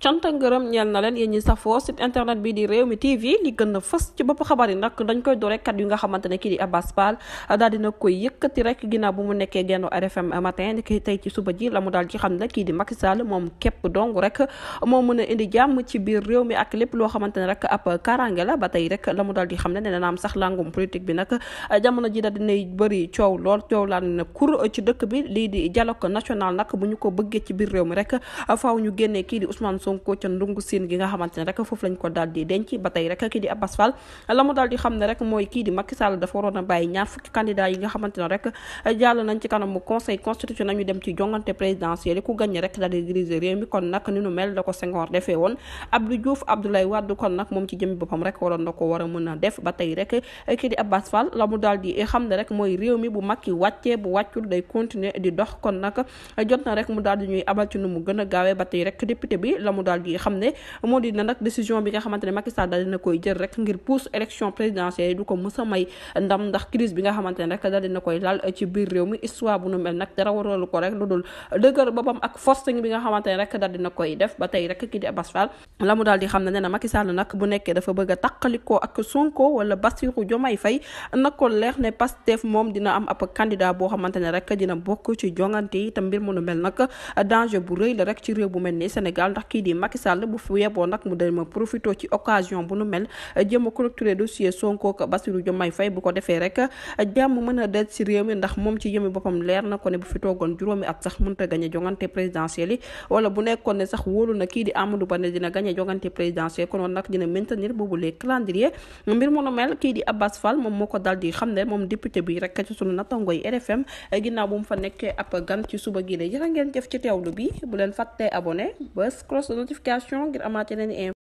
cant ak ngërëm ñeel na leen yéen ñi safoo site internet bi di réew mi TV li gën a fës ci bopp xabar yi nag dañ koy doore kat xamante ne kii di Abbas Fall daal dina koy yëkkati rek ginnaaw mu nekkee genn RFM matin ki tey ci suba ji la mu daal ci xam ne kii di Macky Sall moom képp dong rek moo mën a indi jàmm ci biir réew mi ak lépp loo xamante ne rek ab karange la ba tey rek la mu daal di xam ne nee na am sax langum politique bi nag jamono ji daal dinay bëri coow lool coow laa ne kur ci dëkk bi lii di dialogue national nag bu ñu ko bëggee ci biir réew mi rek faaw ñu génnee Sonko ca ndungu siin gi nga xamante ne rek foofu lañ ko xam ne rek mooy réew mi da a bu Macky wàccee bu wàccul day continuer di dox kon nag jot na rek mu daal ñuy abal ci nu mu gën gaawee ba tey rek député bi la mu daal di xam ne moo di nag décision bi nga xamante ne a may ndam na nag bu nekkee dafa bëgg a taqalikoo ak Sonko wala Bassirou Diomaye Faye na ko leer ne Pastef moom dina am ab candidat boo xamante rek dina bokk ci jongante yi mbir mu nu mel nag danger bu rëy rek ci réew bu mel ni Sénégal ndax kii di Macky Sall bu fi yeboo nag mu dem profito ci occasion bu nu mel jëm a clôturer dossier Sonko ak Bassirou Diomaye Faye bu ko defee rek jàmm mën a del si réew mi ndax moom ci yëmi boppam leer na ko ne bu fi toogoon juróomi at sax mënut a gañe jongante présidentielle yi wala bu nekkoon ne sax wóolu na kii di Amadou Ba ne dina gañe jongante présidentielle konoon nag dina maintenir boobu les calendrier mbir mu nu mel kii di Abbas Fall moom moo notification ngir amaat yeneen i